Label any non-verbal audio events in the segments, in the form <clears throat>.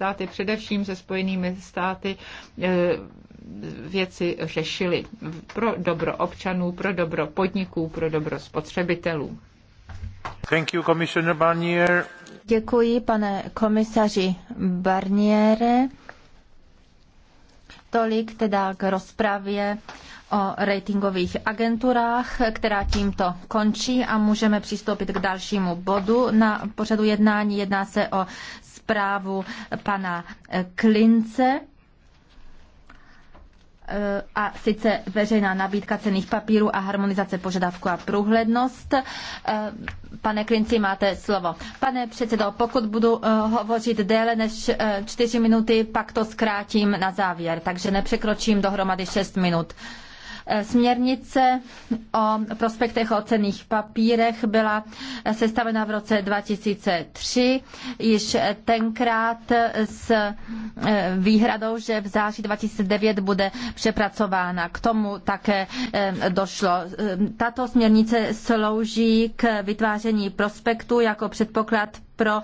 státy, především se spojenými státy, eh, věci řešili pro dobro občanů, pro dobro podniků, pro dobro spotřebitelů. Thank you, Commissioner Barnier. Děkuji, pane komisaři Barniere. Tolik teda k rozpravě o ratingových agenturách, která tímto končí a můžeme přistoupit k dalšímu bodu na pořadu jednání. Jedná se o zprávu pana eh, Klince eh, a sice veřejná nabídka cených papírů a harmonizace požadavku a průhlednost. Eh, pane Klinci, máte slovo. Pane předsedo, pokud budu hovořit déle než čtyři minuty, pak to zkrátím na závěr, takže nepřekročím dohromady šest minut. Směrnice o prospektech o cených papírech byla sestavena v roce 2003, již tenkrát s eh, výhradou, že v září 2009 bude přepracována. K tomu také eh, došlo. Tato směrnice slouží k vytváření prospektu jako předpoklad pro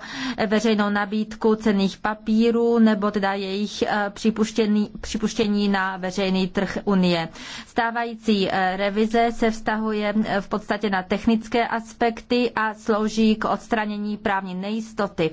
veřejnou nabídku cených papírů nebo teda jejich eh, připuštění, připuštění na veřejný trh Unie. Stávající eh, revize se vztahuje eh, v podstatě na technické aspekty a slouží k odstranění právní nejistoty.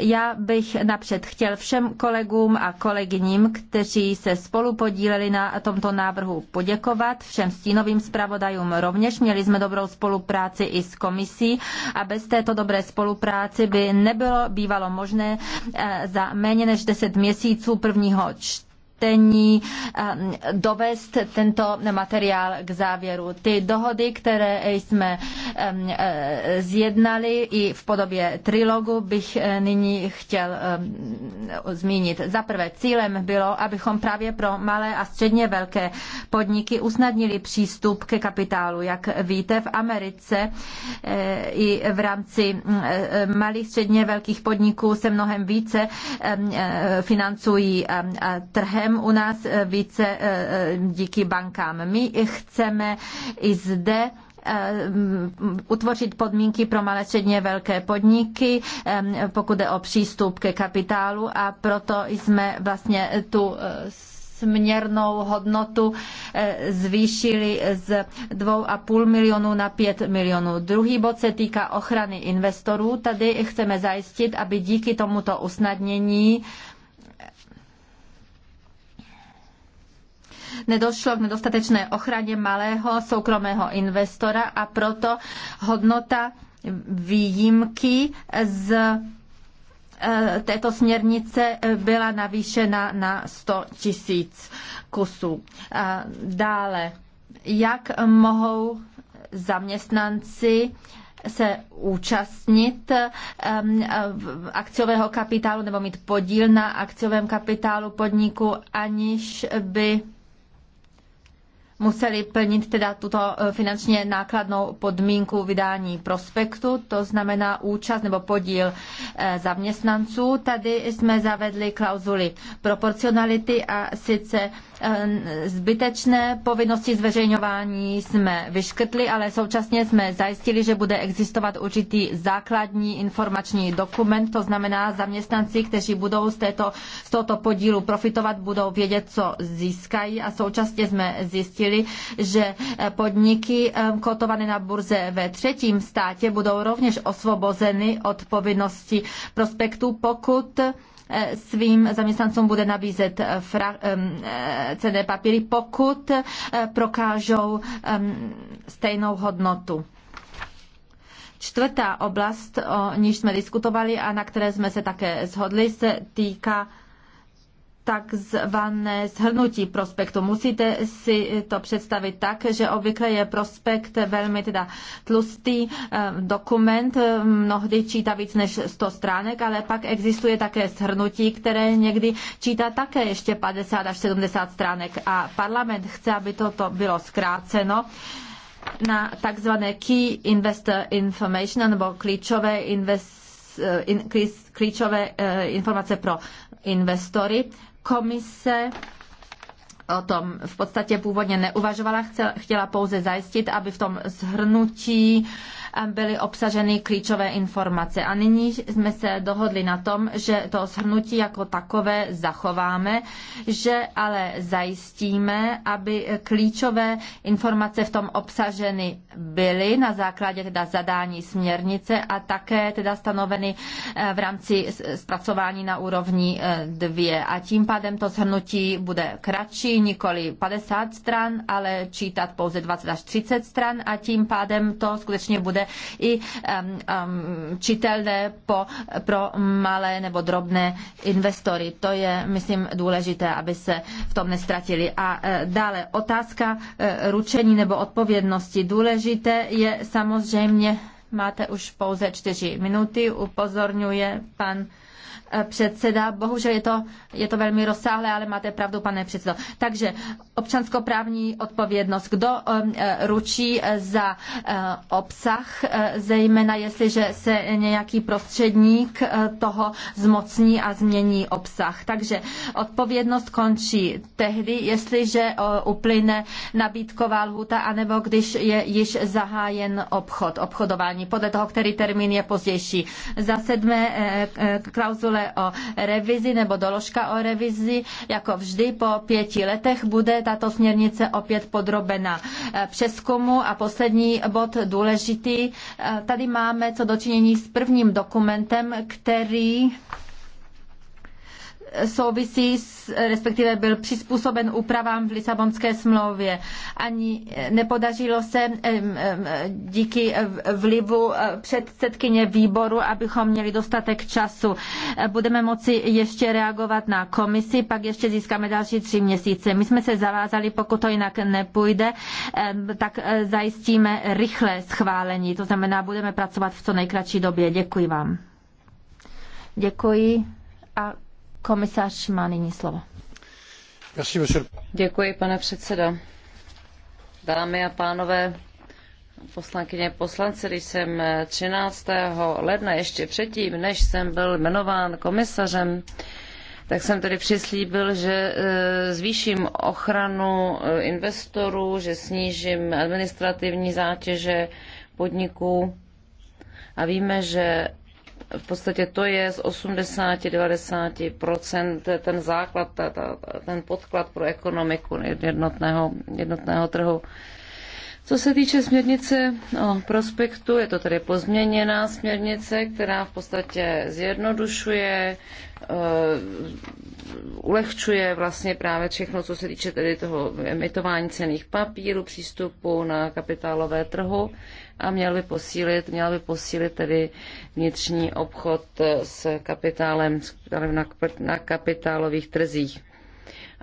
Já bych napřed chtěl všem kolegům a kolegyním, kteří se spolu podíleli na tomto návrhu poděkovat, všem stínovým zpravodajům rovněž. Měli jsme dobrou spolupráci i s komisí a bez této dobré spolupráce situaci by nebylo bývalo možné eh, za méně než 10 měsíců prvního čtení čtení eh, dovést tento materiál k závěru. Ty dohody, které jsme eh, zjednali i v podobě trilogu, bych eh, nyní chtěl zmínit. Za prvé, cílem bylo, abychom právě pro malé a středně velké podniky usnadnili přístup ke kapitálu. Jak víte, v Americe i v rámci malých, středně velkých podniků se mnohem více financují trhem mnohem u nás eh, více eh, eh, díky bankám. My chceme i zde utvořit podmínky pro malé středně velké podniky, pokud je o přístup ke kapitálu a proto jsme vlastně tu směrnou hodnotu zvýšili z 2,5 milionů na 5 milionů. Druhý bod se týká ochrany investorů. Tady chceme zajistit, aby díky tomuto usnadnění nedošlo k nedostatečné ochraně malého soukromého investora a proto hodnota výjimky z e, této směrnice byla navýšena na 100 tisíc kusů. E, dále, jak mohou zaměstnanci se účastnit e, akciového kapitálu nebo mít podíl na akciovém kapitálu podniku, aniž by museli plnit teda tuto e, finančně nákladnou podmínku vydání prospektu, to znamená účast nebo podíl e, zaměstnanců. Tady jsme zavedli klauzuly proporcionality a sice e, zbytečné povinnosti zveřejňování jsme vyškrtli, ale současně jsme zajistili, že bude existovat určitý základní informační dokument, to znamená zaměstnanci, kteří budou z, této, z tohoto podílu profitovat, budou vědět, co získají a současně jsme zjistili, potvrdili, že podniky eh, kotované na burze ve třetím státě budou rovněž osvobozeny od povinnosti prospektu, pokud eh, svým zaměstnancům bude nabízet eh, fra, cené papíry, pokud prokážou stejnou hodnotu. Čtvrtá oblast, o níž jsme diskutovali a na které jsme se také shodli, se týká takzvané shrnutí prospektu. Musíte si to představit tak, že obvykle je prospekt velmi teda tlustý eh, dokument, eh, mnohdy čítá víc než 100 stránek, ale pak existuje také shrnutí, které někdy čítá také ještě 50 až 70 stránek a parlament chce, aby toto bylo zkráceno na takzvané Key Investor Information nebo klíčové, invest, eh, in, klíčové informace pro investory Komise o tom v podstatě původně neuvažovala, chtěla pouze zajistit, aby v tom zhrnutí byly obsaženy klíčové informace. A nyní jsme se dohodli na tom, že to shrnutí jako takové zachováme, že ale zajistíme, aby klíčové informace v tom obsaženy byly na základě teda zadání směrnice a také teda stanoveny eh, v rámci zpracování na úrovni eh, dvě. A tím pádem to shrnutí bude kratší, nikoli 50 stran, ale čítat pouze 20 až 30 stran a tím pádem to skutečně bude um, i čitelné po, pro malé nebo drobné investory. To je, myslím, důležité, aby se v tom nestratili. A e, dále otázka e, ručení nebo odpovědnosti. Důležité je samozřejmě, máte už pouze čtyři minuty, upozorňuje pan Eh, předseda. Bohužel je to, je to velmi rozsáhlé, ale máte pravdu, pane předsedo. Takže občanskoprávní odpovědnost. Kdo eh, eh, ručí za obsah, zejména jestliže se nějaký prostředník toho zmocní a změní obsah. Takže odpovědnost končí tehdy, jestliže uplyne nabídková lhůta, anebo když je již zahájen obchod, obchodování, podle toho, který termín je pozdější. Za sedmé klauzul klauzule o revizi nebo doložka o revizi. Jako vždy po pěti letech bude tato směrnice opět podrobena eh, přeskumu. A poslední bod důležitý. Eh, tady máme co dočinění s prvním dokumentem, který souvisí s, respektive byl přizpůsoben úpravám v Lisabonské smlouvě. Ani nepodařilo se díky vlivu eh, předsedkyně výboru, abychom měli dostatek času. Eh, budeme moci ještě reagovat na komisi, pak ještě získáme další tři měsíce. My jsme se zavázali, pokud to jinak nepůjde, tak eh, zajistíme rychlé schválení. To znamená, budeme pracovat v co nejkratší době. Děkuji vám. Děkuji a komisař má nyní slovo. Děkuji, pane předsedo. Dámy a pánové, poslankyně poslanci, když jsem 13. ledna, ještě předtím, než jsem byl jmenován komisařem, tak jsem tedy přislíbil, že e, zvýším ochranu e, investorů, že snížím administrativní zátěže podniků. A víme, že v podstatě to je z 80-90% ten základ, ta, ta, ten podklad pro ekonomiku jednotného, jednotného trhu. Co se týče směrnice o prospektu, je to tedy pozměněná směrnice, která v podstatě zjednodušuje, eh, ulehčuje vlastně právě všechno, co se týče tedy toho emitování cených papírů, přístupu na kapitálové trhu, a měl by posílit, měl by posílit tedy vnitřní obchod s kapitálem, s kapitálem na, na kapitálových trzích.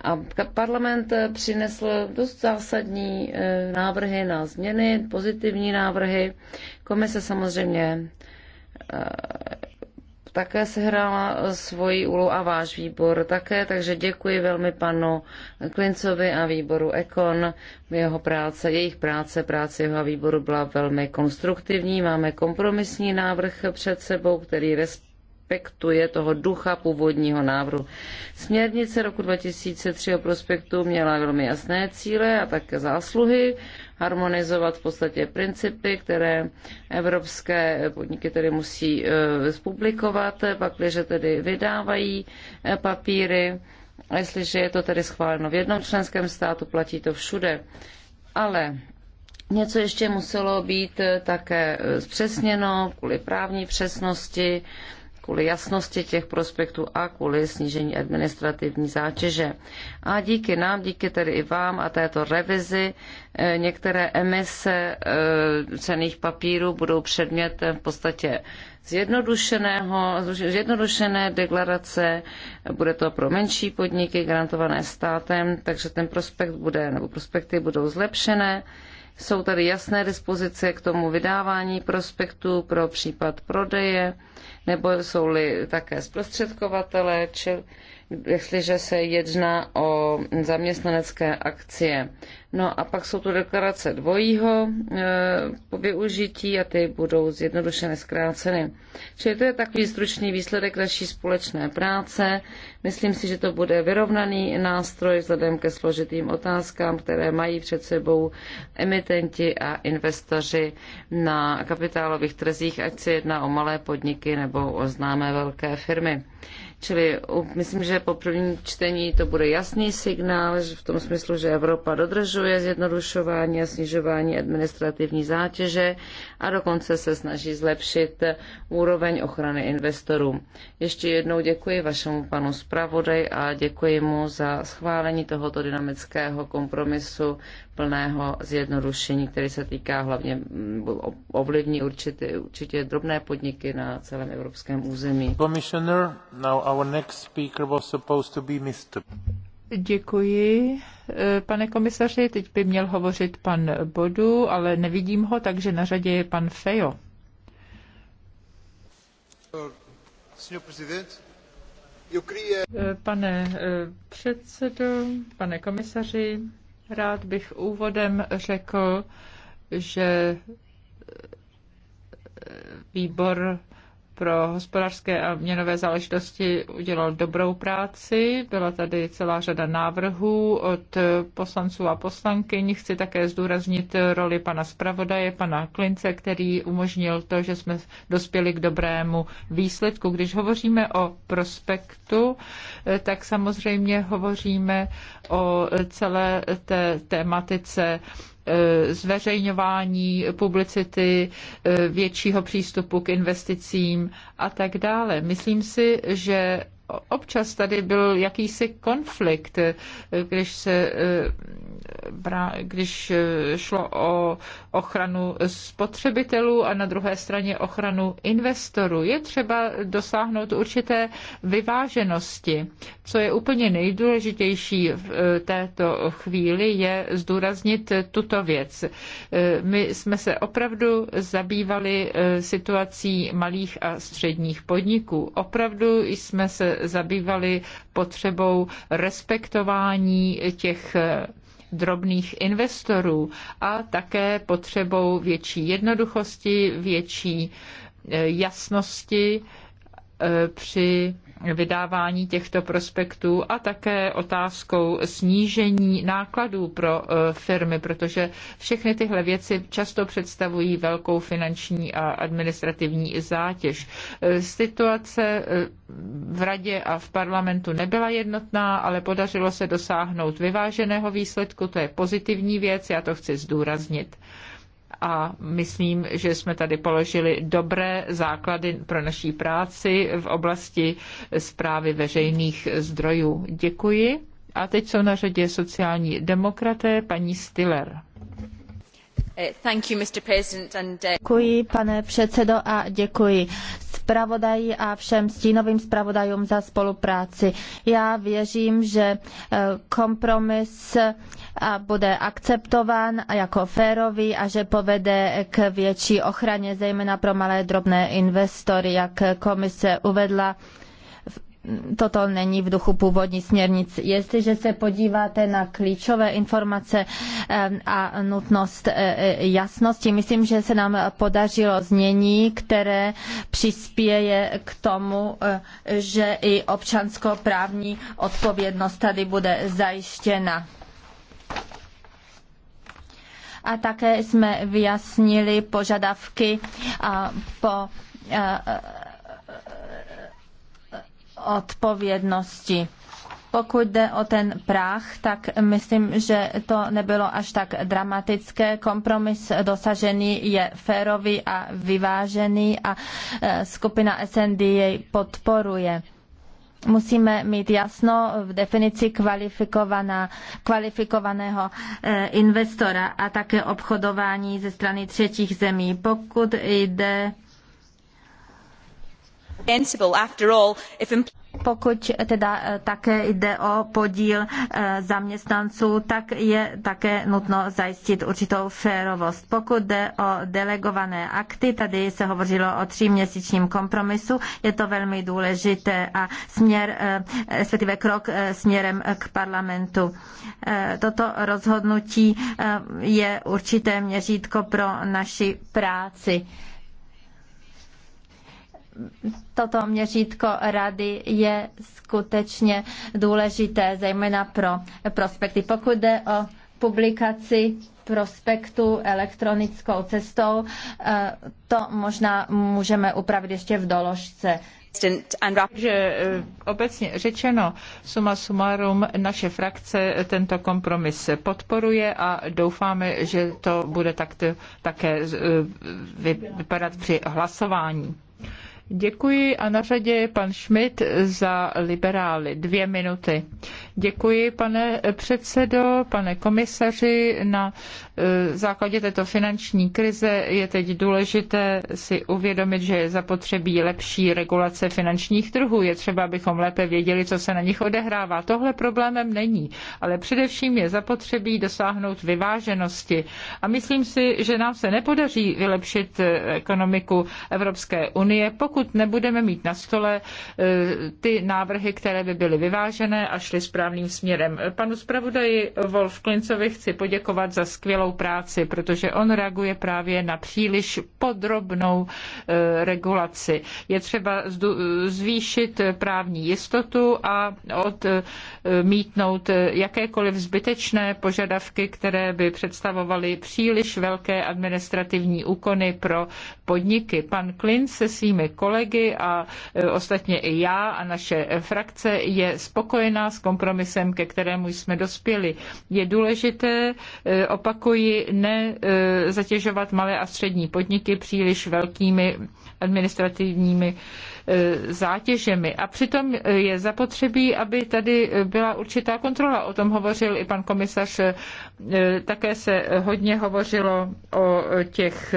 A parlament přinesl dost zásadní eh, návrhy na změny, pozitivní návrhy. Komise samozřejmě eh, také sehrála eh, svoji úlohu a váš výbor také, takže děkuji velmi panu Klincovi a výboru Ekon. Jeho práce, jejich práce, práce jeho výboru byla velmi konstruktivní. Máme kompromisní návrh před sebou, který respektuje respektuje toho ducha původního návrhu. Směrnice roku 2003 o prospektu měla velmi jasné cíle a také zásluhy, harmonizovat v podstatě principy, které evropské podniky tedy musí eh, publikovat, pakliže tedy vydávají eh, papíry. A jestliže je to tedy schváleno v jednom členském státu, platí to všude. Ale Něco ještě muselo být eh, také zpřesněno kvůli právní přesnosti kvůli jasnosti těch prospektů a kvůli snížení administrativní zátěže. A díky nám, díky tedy i vám a této revizi, eh, některé emise eh, cených papírů budou předmětem v podstatě zjednodušeného, zjednodušené deklarace, bude to pro menší podniky garantované státem, takže ten prospekt bude, nebo prospekty budou zlepšené. Jsou tady jasné dispozice k tomu vydávání prospektů pro případ prodeje nebo jsou-li také zprostředkovatele, či jestliže se jedná o zaměstnanecké akcie. No a pak jsou tu deklarace dvojího e, využití a ty budou zjednodušeně zkráceny. Čili to je takový stručný výsledek naší společné práce. Myslím si, že to bude vyrovnaný nástroj vzhledem ke složitým otázkám, které mají před sebou emitenti a investoři na kapitálových trzích, ať se jedná o malé podniky nebo o známé velké firmy. Čili myslím, že po prvním čtení to bude jasný signál že v tom smyslu, že Evropa dodržuje zjednodušování a snižování administrativní zátěže a dokonce se snaží zlepšit úroveň ochrany investorů. Ještě jednou děkuji vašemu panu zpravodaj a děkuji mu za schválení tohoto dynamického kompromisu plného zjednodušení, který se týká hlavně mm, ovlivní určitě, určitě drobné podniky na celém evropském území. Commissioner, now Děkuji. Eh, pane komisaři, teď by měl hovořit pan Bodu, ale nevidím ho, takže na řadě je pan Fejo. Eh, pane eh, předsedo, pane komisaři, rád bych úvodem řekl, že výbor pro hospodářské a měnové záležitosti udělal dobrou práci. Byla tady celá řada návrhů od poslanců a poslankyň. Chci také zdůraznit roli pana zpravodaje, pana Klince, který umožnil to, že jsme dospěli k dobrému výsledku. Když hovoříme o prospektu, tak samozřejmě hovoříme o celé té tématice Eh, zveřejňování publicity, eh, většího přístupu k investicím a tak dále. Myslím si, že občas tady byl jakýsi konflikt, když, se, eh, když eh, šlo o ochranu spotřebitelů a na druhé straně ochranu investorů. Je třeba dosáhnout určité vyváženosti. Co je úplně nejdůležitější v eh, této chvíli, je zdůraznit tuto věc. My jsme se opravdu zabývali situací malých a středních podniků. Opravdu jsme se zabývali potřebou respektování těch eh, drobných investorů a také potřebou větší jednoduchosti, větší eh, jasnosti eh, při vydávání těchto prospektů a také otázkou snížení nákladů pro eh, firmy, protože všechny tyhle věci často představují velkou finanční a administrativní zátěž. Eh, situace eh, v radě a v parlamentu nebyla jednotná, ale podařilo se dosáhnout vyváženého výsledku. To je pozitivní věc, já to chci zdůraznit a myslím, že jsme tady položili dobré základy pro naší práci v oblasti zprávy veřejných zdrojů. Děkuji. A teď jsou na řadě sociální demokraté, paní Stiller. Eh, eh, děkuji, pane předsedo, a děkuji zpravodaji a všem stínovým zpravodajům za spolupráci. Já věřím, že eh, kompromis bude akceptován jako férový a že povede k větší ochraně, zejména pro malé drobné investory, jak komise uvedla toto není v duchu původní směrnic. Jestliže se podíváte na klíčové informace eh, a nutnost eh, eh, jasnosti, myslím, že se nám podařilo znění, které přispěje k tomu, že i občanskoprávní odpovědnost tady bude zajištěna a také jsme vyjasnili požadavky po odpovědnosti. Pokud jde o ten práh, tak myslím, že to nebylo až tak dramatické. Kompromis dosažený je férový a vyvážený a e, skupina SND jej podporuje musíme mít jasno v definici kvalifikovaného e, investora a také obchodování ze strany třetích zemí. Pokud jde pokud teda eh, také jde o podíl eh, zaměstnanců, tak je také nutno zajistit určitou férovost. Pokud jde o delegované akty, tady se hovořilo o tříměsíčním kompromisu, je to velmi důležité a směr, eh, respektive krok směrem k parlamentu. Toto rozhodnutí je určité měřítko pro naši práci toto měřítko rady je skutečně důležité, zejména pro prospekty. Pokud jde o publikaci prospektu elektronickou cestou, eh, to možná můžeme upravit ještě v doložce. Takže eh, obecně řečeno, suma sumarum, naše frakce tento kompromis podporuje a doufáme, že to bude takto také eh, vypadat při hlasování. Děkuji a na řadě je pan Schmidt za liberály. Dvě minuty. Děkuji, pane předsedo, pane komisaři. Na eh, základě této finanční krize je teď důležité si uvědomit, že je zapotřebí lepší regulace finančních trhů. Je třeba, abychom lépe věděli, co se na nich odehrává. Tohle problémem není, ale především je zapotřebí dosáhnout vyváženosti. A myslím si, že nám se nepodaří vylepšit eh, ekonomiku Evropské unie, pokud pokud nebudeme mít na stole e, ty návrhy, které by byly vyvážené a šly správným směrem. Panu zpravodaji Wolf Klincovi chci poděkovat za skvělou práci, protože on reaguje právě na příliš podrobnou e, regulaci. Je třeba zvýšit právní jistotu a odmítnout e, jakékoliv zbytečné požadavky, které by představovaly příliš velké administrativní úkony pro podniky. Pan Klin se svými kolegy a e, ostatně i já a naše frakce je spokojená s kompromisem, ke kterému jsme dospěli. Je důležité, e, opakuji, ne e, zatěžovat malé a střední podniky příliš velkými administrativními zátěžemi. A přitom je zapotřebí, aby tady byla určitá kontrola. O tom hovořil i pan komisař. Také se hodně hovořilo o těch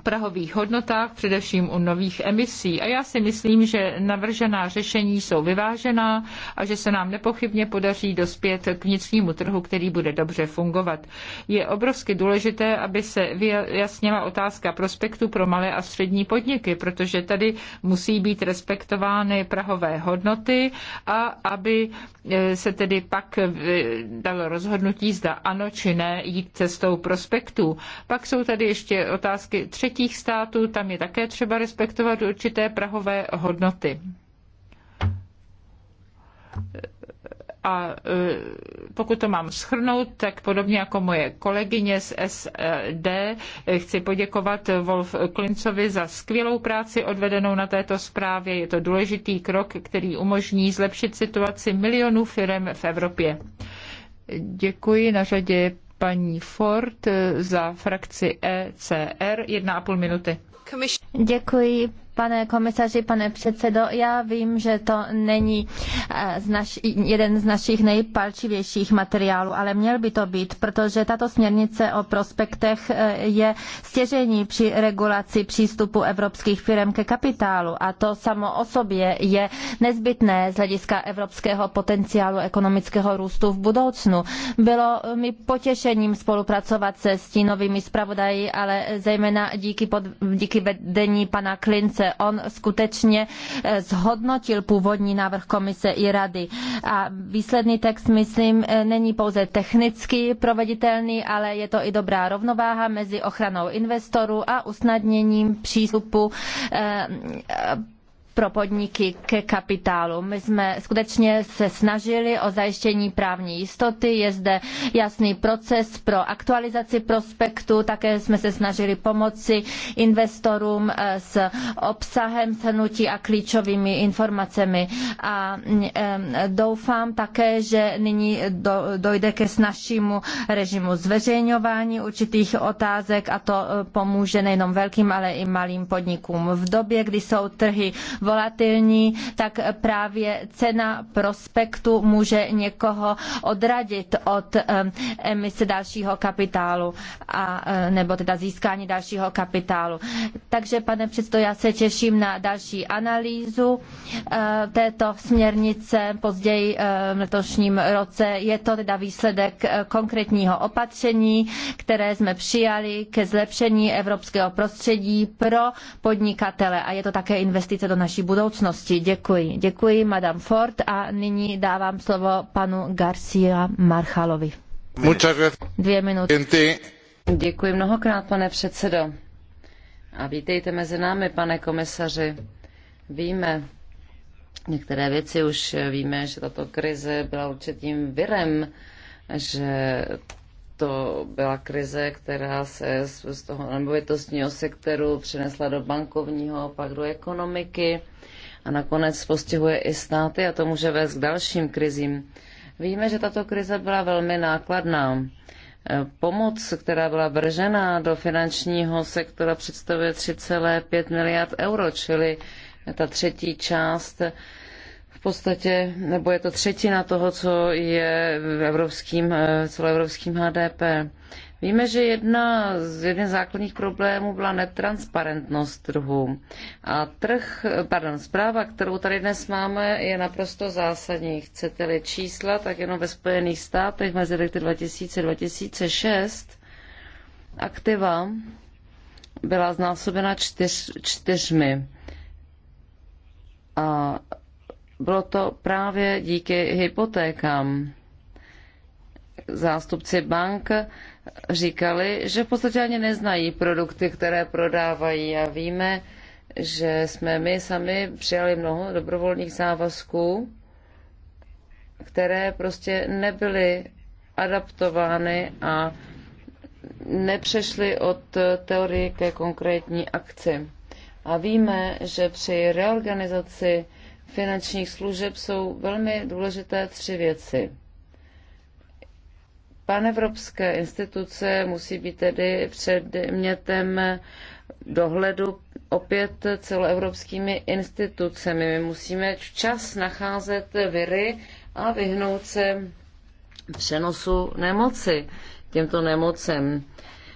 prahových hodnotách, především u nových emisí. A já si myslím, že navržená řešení jsou vyvážená a že se nám nepochybně podaří dospět k vnitřnímu trhu, který bude dobře fungovat. Je obrovsky důležité, aby se vyjasnila otázka prospektu pro malé a střední podniky, protože tady musí být respektovány prahové hodnoty a aby e, se tedy pak e, dalo rozhodnutí, zda ano či ne jít cestou prospektu. Pak jsou tady ještě otázky třetí třetích států, tam je také třeba respektovat určité prahové hodnoty. A e, pokud to mám schrnout, tak podobně jako moje kolegyně z SD, e e, chci poděkovat Wolf Klincovi za skvělou práci odvedenou na této zprávě. Je to důležitý krok, který umožní zlepšit situaci milionů firm v Evropě. Děkuji. Na řadě paní Ford eh, za frakci ECR. Jedna a půl minuty. Děkuji, Pane komisaři, pane předsedo, já vím, že to není eh, z naš, jeden z našich nejpalčivějších materiálů, ale měl by to být, protože tato směrnice o prospektech eh, je stěžení při regulaci přístupu evropských firm ke kapitálu a to samo o sobě je nezbytné z hlediska evropského potenciálu ekonomického růstu v budoucnu. Bylo mi potěšením spolupracovat se stínovými zpravodaji, ale zejména díky, pod, díky vedení pana Klince komise. On skutečně eh, zhodnotil původní návrh komise i rady. A výsledný text, myslím, eh, není pouze technicky proveditelný, ale je to i dobrá rovnováha mezi ochranou investorů a usnadněním přístupu eh, pro podniky ke kapitálu. My jsme skutečně se snažili o zajištění právní jistoty, je zde jasný proces pro aktualizaci prospektu, také jsme se snažili pomoci investorům eh, s obsahem shrnutí a klíčovými informacemi. A mm, eh, doufám také, že nyní dojde ke snažšímu režimu zveřejňování určitých otázek a to eh, pomůže nejenom velkým, ale i malým podnikům. V době, kdy jsou trhy volatilní, tak právě cena prospektu může někoho odradit od emise dalšího kapitálu a, e, nebo teda získání dalšího kapitálu. Takže pane předsedo, já se těším na další analýzu e, této směrnice později e, v letošním roce. Je to teda výsledek konkrétního opatření, které jsme přijali ke zlepšení evropského prostředí pro podnikatele a je to také investice do naší naší budoucnosti. Děkuji. Děkuji, Madame Ford, a nyní dávám slovo panu Garcia Marchalovi. Dvě minuty. Děkuji mnohokrát, pane předsedo. A vítejte mezi námi, pane komisaři. Víme, některé věci už víme, že tato krize byla určitým virem, že to byla krize, která se z toho nemovitostního sektoru přinesla do bankovního, pak do ekonomiky a nakonec postihuje i státy a to může vést k dalším krizím. Víme, že tato krize byla velmi nákladná. E, pomoc, která byla vržena do finančního sektora, představuje 3,5 miliard euro, čili ta třetí část v podstatě, nebo je to třetina toho, co je v evropským, eh, celoevropským HDP. Víme, že jedna z, jeden z základních problémů byla netransparentnost trhu. A trh, pardon, zpráva, kterou tady dnes máme, je naprosto zásadní. Chcete-li čísla, tak jenom ve Spojených státech mezi lety 2000 2006 aktiva byla znásobena čtyř, čtyřmi. A bylo to právě díky hypotékám. Zástupci bank říkali, že v podstatě ani neznají produkty, které prodávají a víme, že jsme my sami přijali mnoho dobrovolných závazků, které prostě nebyly adaptovány a nepřešly od teorie ke konkrétní akci. A víme, že při reorganizaci finančních služeb jsou velmi důležité tři věci. Panevropské instituce musí být tedy předmětem dohledu opět celoevropskými institucemi. My musíme včas nacházet viry a vyhnout se přenosu nemoci těmto nemocem,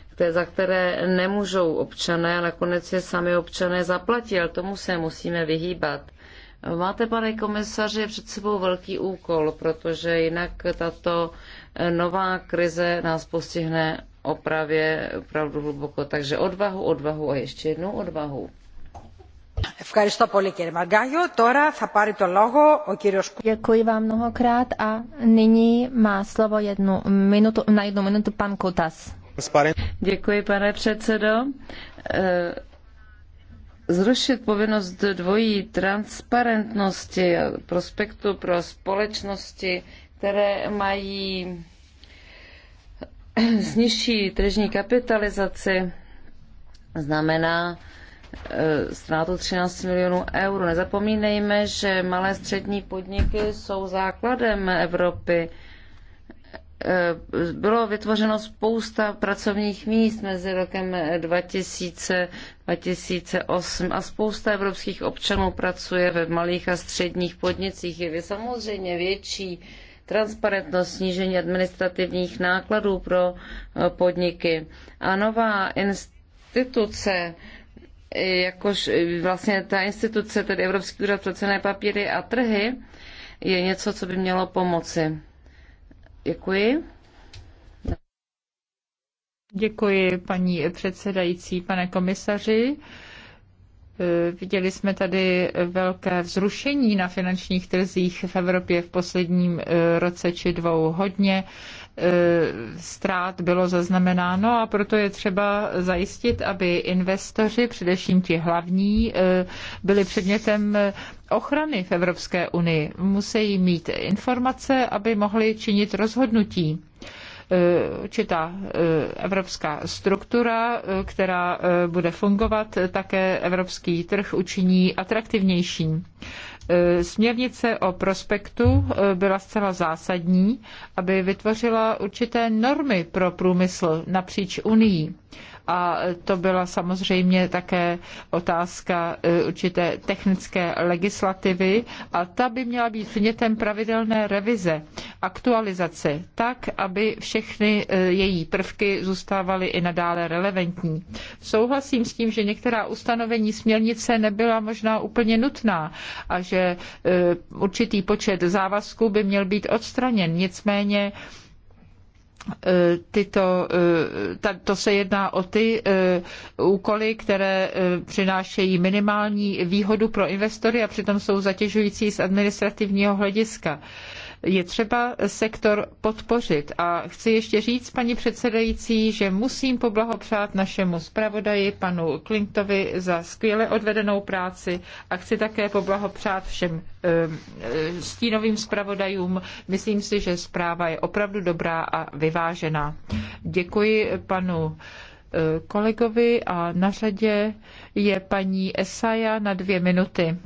které, za které nemůžou občané a nakonec je sami občané zaplatí, ale tomu se musíme vyhýbat. Máte, pane komisaři, před sebou velký úkol, protože jinak tato eh, nová krize nás postihne opravě opravdu hluboko. Takže odvahu, odvahu a ještě jednou odvahu. Děkuji vám mnohokrát a nyní má slovo jednu minutu, na jednu minutu pan Kutas. Děkuji, pane předsedo eh, zrušit povinnost dvojí transparentnosti prospektu pro společnosti, které mají <clears throat> s nižší tržní kapitalizaci, znamená e, ztrátu 13 milionů eur. Nezapomínejme, že malé střední podniky jsou základem Evropy. Eh, bylo vytvořeno spousta pracovních míst mezi rokem 2000, 2008 a spousta evropských občanů pracuje ve malých a středních podnicích. Je samozřejmě větší transparentnost, snížení administrativních nákladů pro eh, podniky a nová instituce jakož eh, vlastně ta instituce, tedy Evropský úřad pro cené papíry a trhy, je něco, co by mělo pomoci. Děkuji. Děkuji, paní předsedající, pane komisaři. Eh, viděli jsme tady velké vzrušení na finančních trzích v Evropě v posledním eh, roce či dvou. Hodně strát eh, bylo zaznamenáno a proto je třeba zajistit, aby investoři, především ti hlavní, byli předmětem ochrany v Evropské unii. Musí mít informace, aby mohli činit rozhodnutí E, určitá e, evropská struktura, e, která bude fungovat, také evropský trh učiní atraktivnějším. Směrnice o prospektu byla zcela zásadní, aby vytvořila určité normy pro průmysl napříč Unii a to byla samozřejmě také otázka e, určité technické legislativy a ta by měla být předmětem pravidelné revize, aktualizace, tak, aby všechny e, její prvky zůstávaly i nadále relevantní. Souhlasím s tím, že některá ustanovení směrnice nebyla možná úplně nutná a že e, určitý počet závazků by měl být odstraněn. Nicméně Eh, tyto, eh, to se jedná o ty eh, úkoly, které přinášejí minimální výhodu pro investory a přitom jsou zatěžující z administrativního hlediska. Je třeba sektor podpořit a chci ještě říct, paní předsedající, že musím poblahopřát našemu zpravodaji, panu Klintovi, za skvěle odvedenou práci a chci také poblahopřát všem eh, eh, stínovým zpravodajům. Myslím si, že zpráva je opravdu dobrá a vyvážená. Děkuji panu eh, kolegovi a na řadě je paní Esaja na dvě minuty.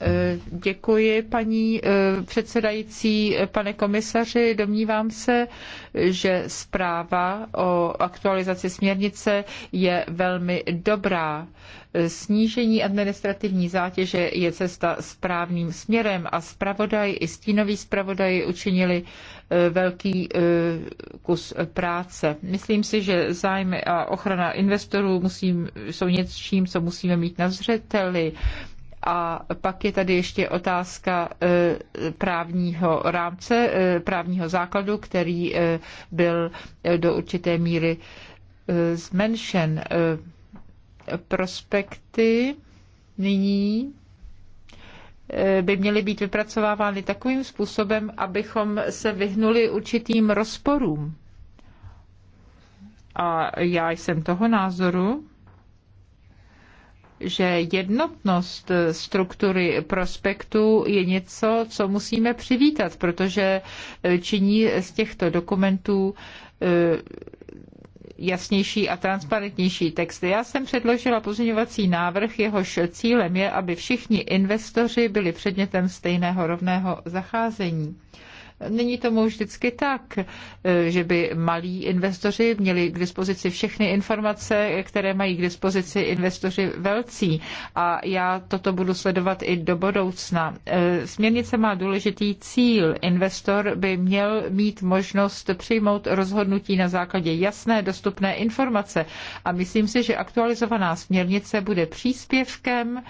Eh, děkuji, paní eh, předsedající, pane komisaři. Domnívám se, že zpráva o aktualizaci směrnice je velmi dobrá. Snížení administrativní zátěže je cesta správným směrem a zpravodaj i stínoví zpravodaj učinili eh, velký kus práce. Myslím si, že zájmy a ochrana investorů musím, jsou něčím, co musíme mít na zřeteli. A pak je tady ještě otázka e, právního rámce, e, právního základu, který e, byl do určité míry zmenšen. Prospekty nyní by měly být vypracovávány takovým způsobem, abychom se vyhnuli určitým rozporům. A já jsem toho názoru, že jednotnost struktury prospektu je něco, co musíme přivítat, protože eh, činí z těchto dokumentů eh, jasnější a transparentnější texty. Já jsem předložila pozměňovací návrh, jehož cílem je, aby všichni investoři byli předmětem stejného rovného zacházení. Není tomu vždycky tak, e, že by malí investoři měli k dispozici všechny informace, které mají k dispozici investoři velcí. A já toto budu sledovat i do budoucna. E, směrnice má důležitý cíl. Investor by měl mít možnost přijmout rozhodnutí na základě jasné dostupné informace. A myslím si, že aktualizovaná směrnice bude příspěvkem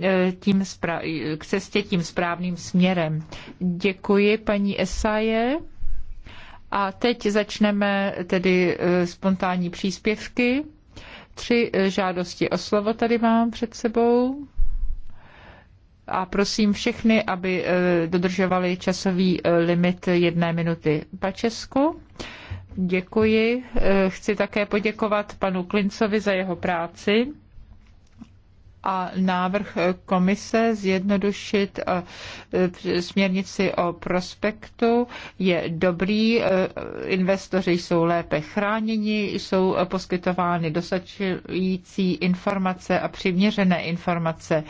E, tím k cestě tím správným směrem. Děkuji paní Esaje. A teď začneme tedy e, spontánní příspěvky. Tři e, žádosti o slovo tady mám před sebou. A prosím všechny, aby dodržovali časový limit jedné minuty. Česku. Děkuji. Chci také poděkovat panu Klincovi za jeho práci a návrh komise zjednodušit eh, eh, směrnici o prospektu je dobrý, eh, investoři jsou lépe chráněni, jsou poskytovány dosačující informace a přiměřené informace.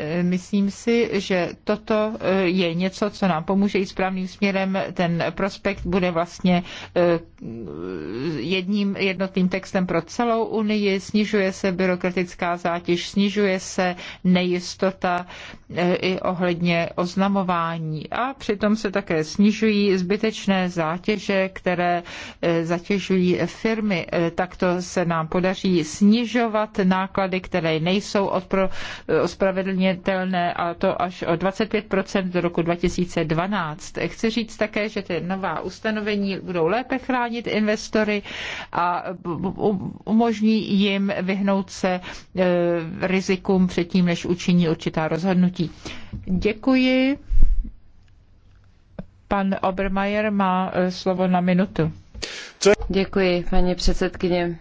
Eh, myslím si, že toto eh, je něco, co nám pomůže i správným směrem. Ten prospekt bude vlastně eh, jedním jednotným textem pro celou Unii. Snižuje se byrokratická zátěž, snižuje se nejistota i ohledně oznamování. A přitom se také snižují zbytečné zátěže, které zatěžují firmy. Takto se nám podaří snižovat náklady, které nejsou odpro, ospravedlně zranitelné a to až o 25% do roku 2012. Chci říct také, že ty nová ustanovení budou lépe chránit investory a umožní jim vyhnout se e, rizikům předtím, než učiní určitá rozhodnutí. Děkuji. Pan Obermajer má e, slovo na minutu. Děkuji, paní předsedkyně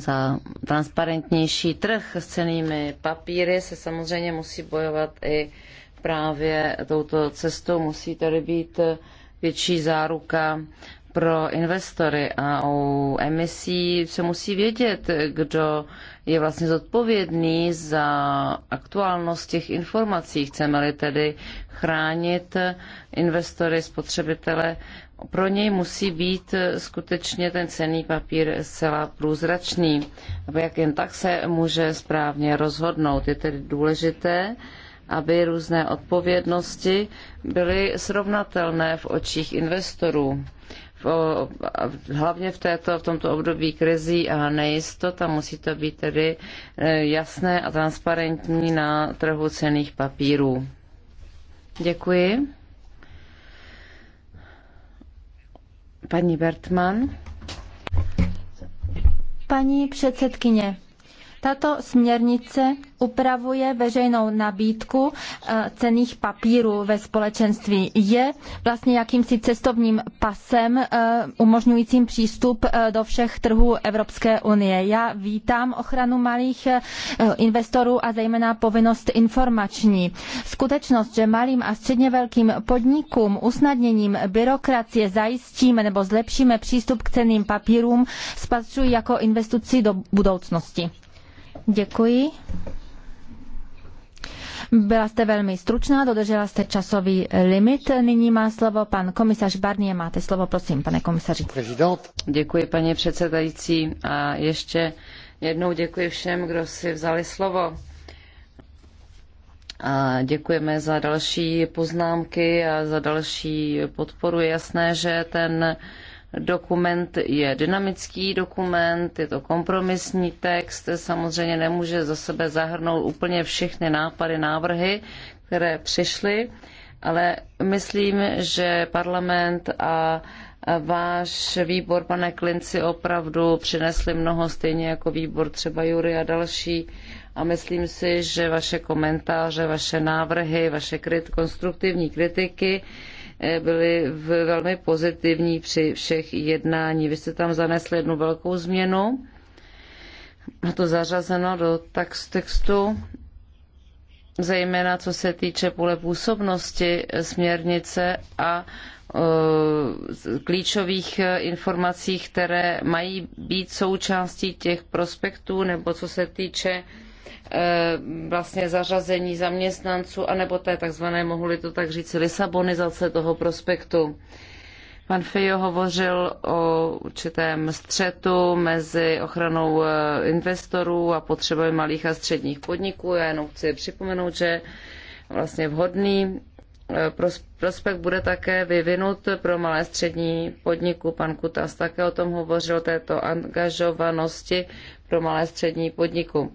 za transparentnější trh s cenými papíry se samozřejmě musí bojovat i právě touto cestou. Musí tady být větší záruka pro investory a u emisí se musí vědět, kdo je vlastně zodpovědný za aktuálnost těch informací. Chceme-li tedy chránit investory, spotřebitele, pro něj musí být skutečně ten cený papír zcela průzračný, aby jak jen tak se může správně rozhodnout. Je tedy důležité, aby různé odpovědnosti byly srovnatelné v očích investorů. V, hlavně v, této, v tomto období krizí a nejistota musí to být tedy e, jasné a transparentní na trhu cených papírů. Děkuji. Paní Bertman. Paní předsedkyně, tato směrnice upravuje veřejnou nabídku eh, cených papírů ve společenství. Je vlastně jakýmsi cestovním pasem eh, umožňujícím přístup eh, do všech trhů Evropské unie. Já vítám ochranu malých investorů a zejména povinnost informační. Skutečnost, že malým a středně velkým podnikům usnadněním byrokracie zajistíme nebo zlepšíme přístup k ceným papírům, spatřuji jako investici do budoucnosti. Děkuji. Byla jste velmi stručná, dodržela jste časový limit. Nyní má slovo pan komisař Barnier. Máte slovo, prosím, pane komisaři. Prezident. Děkuji, paní předsedající. A ještě jednou děkuji všem, kdo si vzali slovo. A děkujeme za další poznámky a za další podporu. Je jasné, že ten Dokument je dynamický dokument, je to kompromisní text, samozřejmě nemůže za sebe zahrnout úplně všechny nápady, návrhy, které přišly, ale myslím, že parlament a váš výbor, pane Klinci, opravdu přinesli mnoho, stejně jako výbor třeba Jury a další. A myslím si, že vaše komentáře, vaše návrhy, vaše konstruktivní kritiky Eh, byli velmi pozitivní při všech jednání. Vy jste tam zanesli jednu velkou změnu, a to zařazeno do textu, zejména co se týče pole působnosti eh, směrnice a eh, klíčových informací, které mají být součástí těch prospektů, nebo co se týče Eh, vlastně zařazení zaměstnanců, anebo té takzvané, mohli to tak říct, lisabonizace toho prospektu. Pan Fejo hovořil o určitém střetu mezi ochranou eh, investorů a potřebami malých a středních podniků. Já jenom chci připomenout, že vlastně vhodný eh, prospekt bude také vyvinut pro malé střední podniku. Pan Kutas také o tom hovořil, této angažovanosti pro malé střední podniku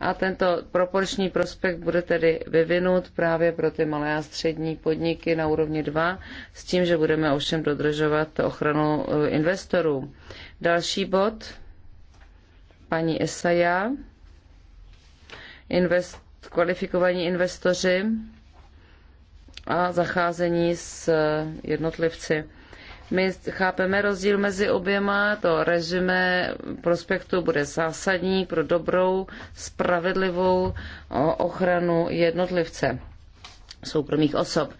a tento proporční prospekt bude tedy vyvinut právě pro ty malé a střední podniky na úrovni 2, s tím, že budeme ovšem dodržovat ochranu eh, investorů. Další bod, paní Esaja, invest, kvalifikovaní investoři a zacházení s eh, jednotlivci. My chápeme rozdíl mezi oběma, to režime prospektu bude zásadní pro dobrou, spravedlivou ochranu jednotlivce soukromých osob.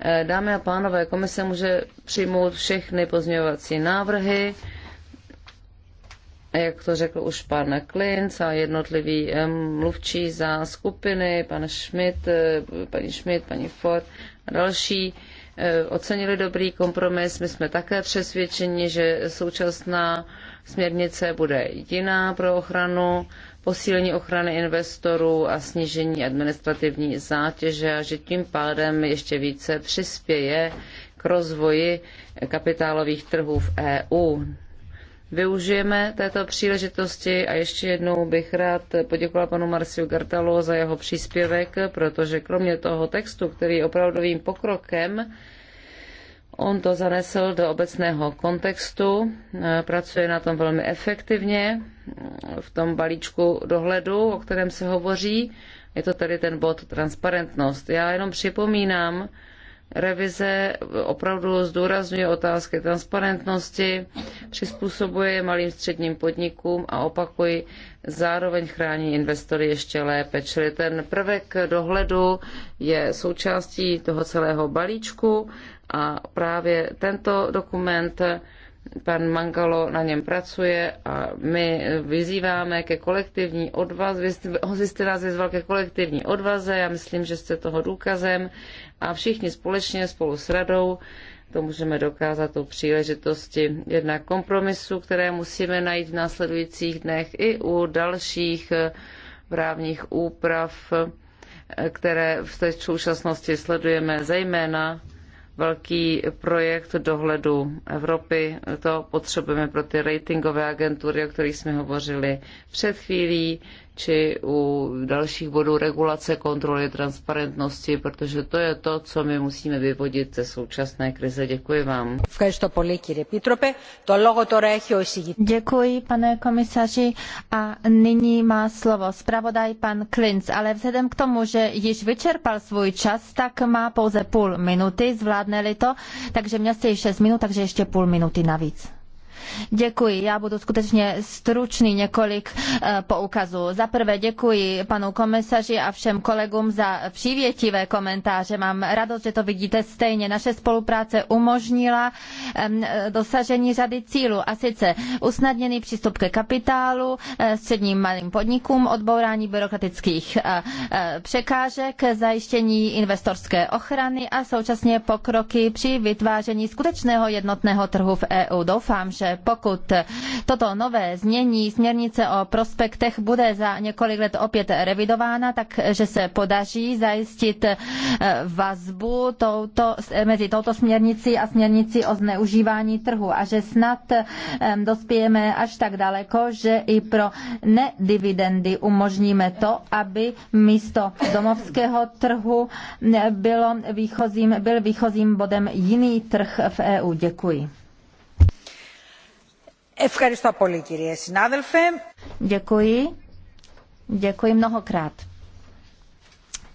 Eh, dámy a pánové, komise může přijmout všechny pozměňovací návrhy, jak to řekl už pan Klinc a jednotliví eh, mluvčí za skupiny, pan Schmidt, eh, paní Schmidt, paní Ford a další. Eh, ocenili dobrý kompromis. My jsme také přesvědčeni, že současná směrnice bude jiná pro ochranu, posílení ochrany investorů a snížení administrativní zátěže a že tím pádem ještě více přispěje k rozvoji kapitálových trhů v EU využijeme této příležitosti a ještě jednou bych rád poděkoval panu Marciu Gartalo za jeho příspěvek, protože kromě toho textu, který je opravdovým pokrokem, on to zanesl do obecného kontextu, eh, pracuje na tom velmi efektivně v tom balíčku dohledu, o kterém se hovoří. Je to tady ten bod transparentnost. Já jenom připomínám, revize opravdu zdůrazňuje otázky transparentnosti, přizpůsobuje malým středním podnikům a opakují, zároveň chrání investory ještě lépe. Čili ten prvek dohledu je součástí toho celého balíčku a právě tento dokument Pan Mangalo na něm pracuje a my vyzýváme ke kolektivní odvaze. Vy jste nás vyzval ke kolektivní odvaze, já myslím, že jste toho důkazem a všichni společně spolu s radou to můžeme dokázat u příležitosti jedna kompromisu, které musíme najít v následujících dnech i u dalších eh, právních úprav, eh, které v té současnosti sledujeme, zejména velký projekt dohledu Evropy. To potřebujeme pro ty ratingové agentury, o kterých jsme hovořili před chvílí či u dalších bodů regulace, kontroly, transparentnosti, protože to je to, co my musíme vyvodit ze současné krize. Děkuji vám. Děkuji, pane komisaři. A nyní má slovo zpravodaj pan Klinc, ale vzhledem k tomu, že již vyčerpal svůj čas, tak má pouze půl minuty, zvládne-li to, takže měl jste již šest minut, takže ještě půl minuty navíc. Děkuji, já budu skutečně stručný několik eh, poukazů. Za prvé děkuji panu komisaři a všem kolegům za přívětivé komentáře. Mám radost, že to vidíte stejně. Naše spolupráce umožnila dosažení řady cílů a sice usnadněný přístup ke kapitálu, eh, středním malým podnikům, odbourání byrokratických eh, překážek, zajištění investorské ochrany a současně pokroky při vytváření skutečného jednotného trhu v EU. Doufám, že pokud toto nové znění směrnice o prospektech bude za několik let opět revidována, tak že se podaří zajistit eh, vazbu touto, mezi touto směrnicí a směrnicí o zneužívání trhu a že snad eh, dospějeme až tak daleko, že i pro nedividendy umožníme to, aby místo domovského trhu eh, bylo výchozím, byl výchozím bodem jiný trh v EU. Děkuji. Děkuji. Děkuji mnohokrát.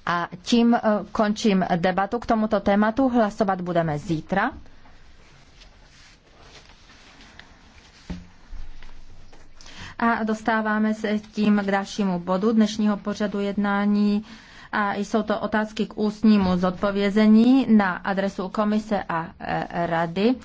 A tím eh, končím debatu k tomuto tématu. Hlasovat budeme zítra. A dostáváme se tím k dalšímu bodu dnešního pořadu jednání. A jsou to otázky k ústnímu zodpovězení na adresu komise a eh, rady.